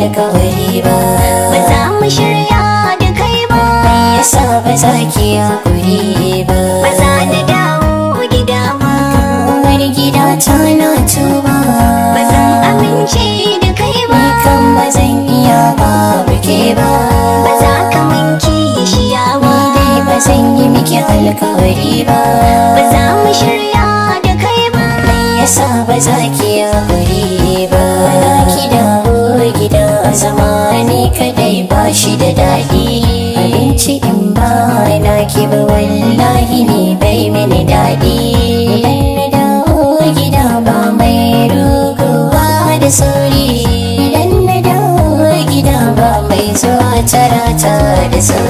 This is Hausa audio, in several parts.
alkawari ba ba za mu shirya da kai ba me yasa ba za ki hakuri ba ba za na dawo gida ba kamar gida ta na tuba ba mu amince da kai ba kan ba zan iya ba buke ba ba za ka minke shi yawa dai ba zan yi miki alkawari ba ba za mu shirya da kai ba me yasa ba za ki hakuri ba ba za ki da zamani kadai ba shi da daɗi abinci in ba na ki ba wallahi ne bai mini daɗi idan na dawo gida ba mai rugowa da sauri idan na dawo gida ba mai zuwa tara da sauri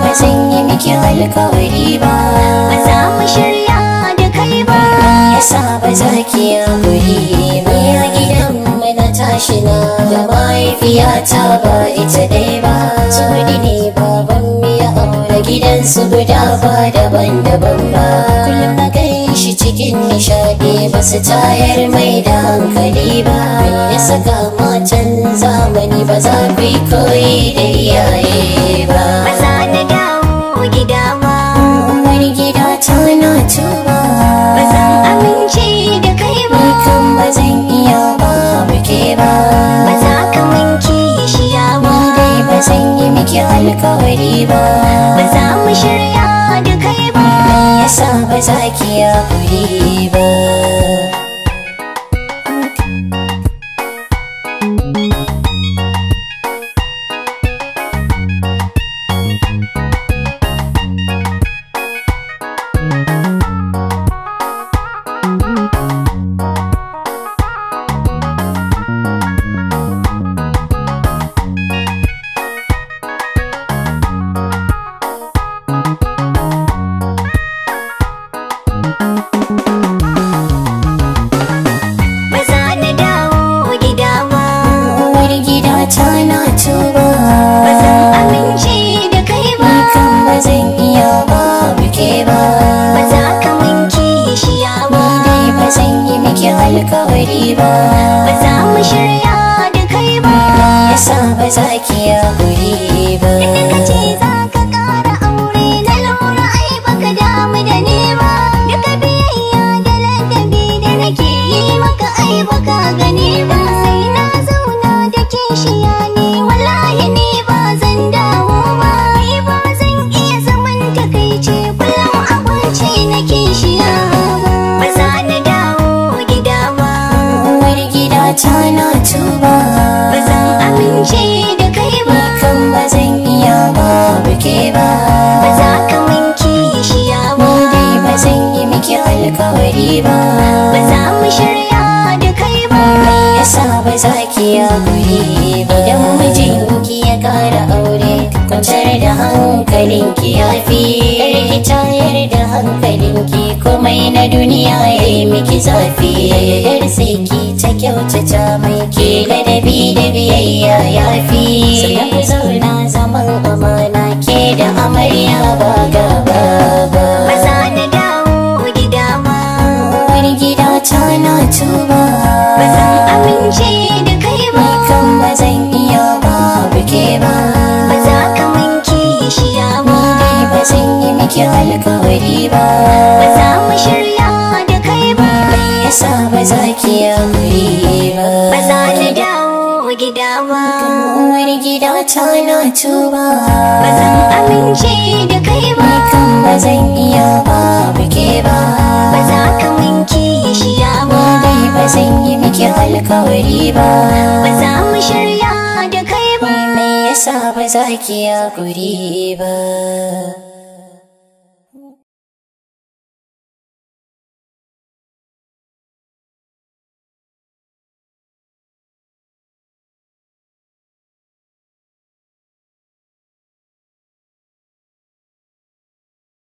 ba zan yi miki alkawari ba ba za mu shirya da kai ba yasa ba za ki hakuri ba gidan mu na tashi na da mahaifiyata ba ita dai ba tsuri ne baban mu ya aure gidansu guda ba daban-daban ba kullum na shi cikin nishadi ba su tayar mai da hankali ba ya saka matan zamani ba za ku yi koyi da iyaye ba miki alkawari ba ba za mu shirya da kai ba me yasa ba za ki ba alkawari ba ba za mu shirya da kai ba yasa ba za ki yabo. sakiya ya guri ba idan mijinki ya kara aure kwantar da hankalinki ya fi rikitayar da hankalinki komai na duniya ya yi miki zafi yar saki ta kyauta mai ke ladabi da biyayya ya fi sanar zauna zaman amana ke da amarya ba maki alkawari ba ba za mu shirya da kai ba me yasa ba za ki yi ba ba za ni dawo gida ba wani gida ta na tuba ba zan amince da kai ba kan ba zan iya ba buke ba ba za ka minke shi ya ba dai ba zan yi miki alkawari ba ba za mu shirya da kai ba me yasa ba za ki yi ba